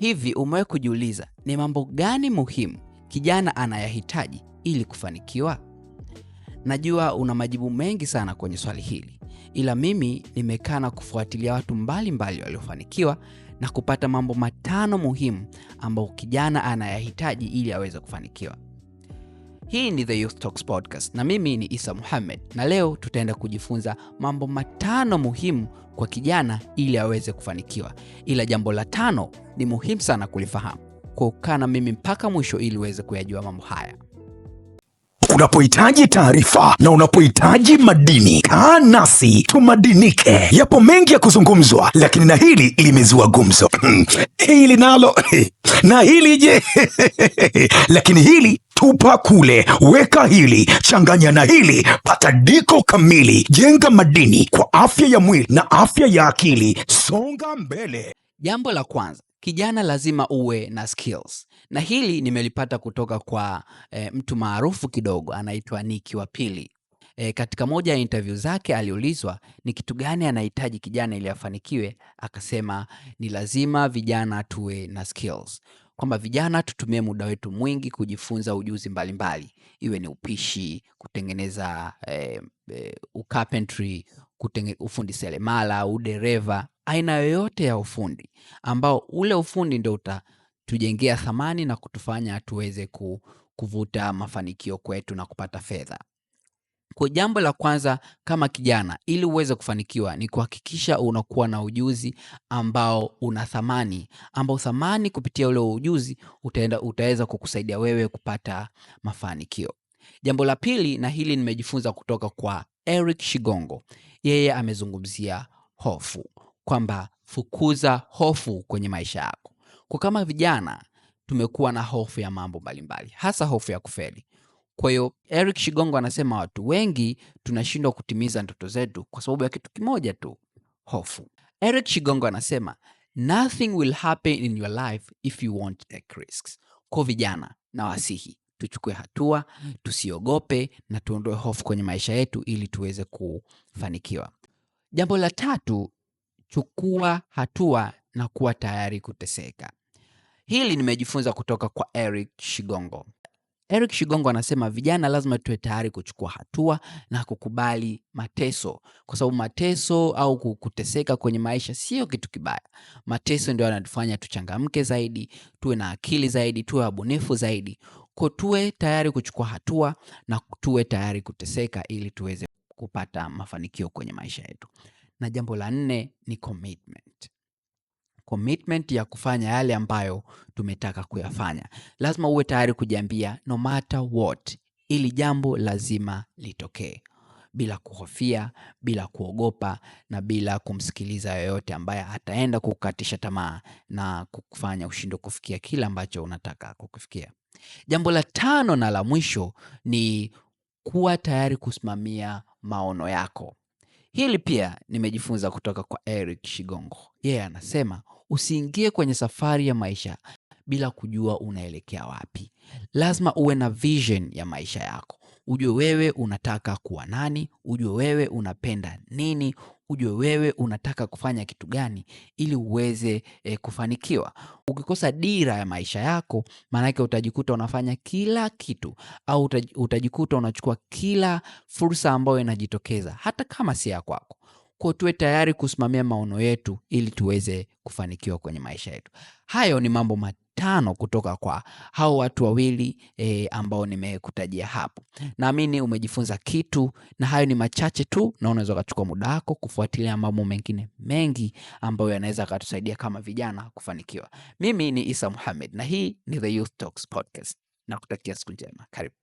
Hivi umewe kujiuliza ni mambo gani muhimu kijana anayahitaji ili kufanikiwa? Najua una majibu mengi sana kwenye swali hili, ila mimi nimekaa na kufuatilia watu mbalimbali waliofanikiwa na kupata mambo matano muhimu ambayo kijana anayahitaji ili aweze kufanikiwa. Hii ni The Youth Talks Podcast na mimi ni Isa muhammed na leo tutaenda kujifunza mambo matano muhimu kwa kijana ili aweze kufanikiwa, ila jambo la tano ni muhimu sana kulifahamu. Kwa ukaa na mimi mpaka mwisho ili uweze kuyajua mambo haya. Unapohitaji taarifa na unapohitaji madini, kaa nasi tumadinike. Yapo mengi ya kuzungumzwa, lakini na hili limezua gumzo hmm, hili nalo na hili je? lakini hili tupa kule, weka hili, changanya na hili, pata diko kamili, jenga madini kwa afya ya mwili na afya ya akili, songa mbele. Jambo la kwanza, kijana lazima uwe na skills, na hili nimelipata kutoka kwa e, mtu maarufu kidogo anaitwa Niki wa Pili. E, katika moja ya interview zake aliulizwa ni kitu gani anahitaji kijana ili afanikiwe, akasema ni lazima vijana tuwe na skills kwamba vijana tutumie muda wetu mwingi kujifunza ujuzi mbalimbali mbali. Iwe ni upishi, kutengeneza eh, eh, ucarpentry, kutenge, ufundi selemala, udereva, aina yoyote ya ufundi ambao ule ufundi ndio utatujengea thamani na kutufanya tuweze ku, kuvuta mafanikio kwetu na kupata fedha. Kwa jambo la kwanza kama kijana, ili uweze kufanikiwa ni kuhakikisha unakuwa na ujuzi ambao una thamani, ambao thamani kupitia ule ujuzi utaenda, utaweza kukusaidia wewe kupata mafanikio. Jambo la pili, na hili nimejifunza kutoka kwa Eric Shigongo, yeye amezungumzia hofu kwamba fukuza hofu kwenye maisha yako. Kwa kama vijana tumekuwa na hofu ya mambo mbalimbali, hasa hofu ya kufeli. Kwa hiyo Eric Shigongo anasema watu wengi tunashindwa kutimiza ndoto zetu kwa sababu ya kitu kimoja tu, hofu. Eric Shigongo anasema nothing will happen in your life if you won't take risks. Kwa vijana na wasihi tuchukue hatua, tusiogope na tuondoe hofu kwenye maisha yetu ili tuweze kufanikiwa. Jambo la tatu, chukua hatua na kuwa tayari kuteseka. Hili nimejifunza kutoka kwa Eric Shigongo. Eric Shigongo anasema vijana lazima tuwe tayari kuchukua hatua na kukubali mateso, kwa sababu mateso au kuteseka kwenye maisha sio kitu kibaya. Mateso ndio yanatufanya tuchangamke zaidi, tuwe na akili zaidi, tuwe wabunifu zaidi. Ko, tuwe tayari kuchukua hatua na tuwe tayari kuteseka ili tuweze kupata mafanikio kwenye maisha yetu. Na jambo la nne ni commitment commitment ya kufanya yale ambayo tumetaka kuyafanya. Lazima uwe tayari kujiambia no matter what, ili jambo lazima litokee, bila kuhofia, bila kuogopa na bila kumsikiliza yoyote ambaye ataenda kukatisha tamaa na kukufanya ushindo kufikia kila ambacho unataka kukifikia. Jambo la tano na la mwisho ni kuwa tayari kusimamia maono yako. Hili pia nimejifunza kutoka kwa Eric Shigongo. Yeye yeah, anasema Usiingie kwenye safari ya maisha bila kujua unaelekea wapi. Lazima uwe na vision ya maisha yako, ujue wewe unataka kuwa nani, ujue wewe unapenda nini, ujue wewe unataka kufanya kitu gani ili uweze e, kufanikiwa. Ukikosa dira ya maisha yako, maanake utajikuta unafanya kila kitu au utajikuta unachukua kila fursa ambayo inajitokeza hata kama si ya kwako. Kwa tuwe tayari kusimamia maono yetu ili tuweze kufanikiwa kwenye maisha yetu. Hayo ni mambo matano kutoka kwa hao watu wawili e, ambao nimekutajia hapo. Naamini umejifunza kitu, na hayo ni machache tu, na unaweza ukachukua muda wako kufuatilia mambo mengine mengi ambayo yanaweza akatusaidia kama vijana kufanikiwa. Mimi ni Isa muhamed na hii ni The Youth Talks Podcast. Nakutakia siku njema, karibu.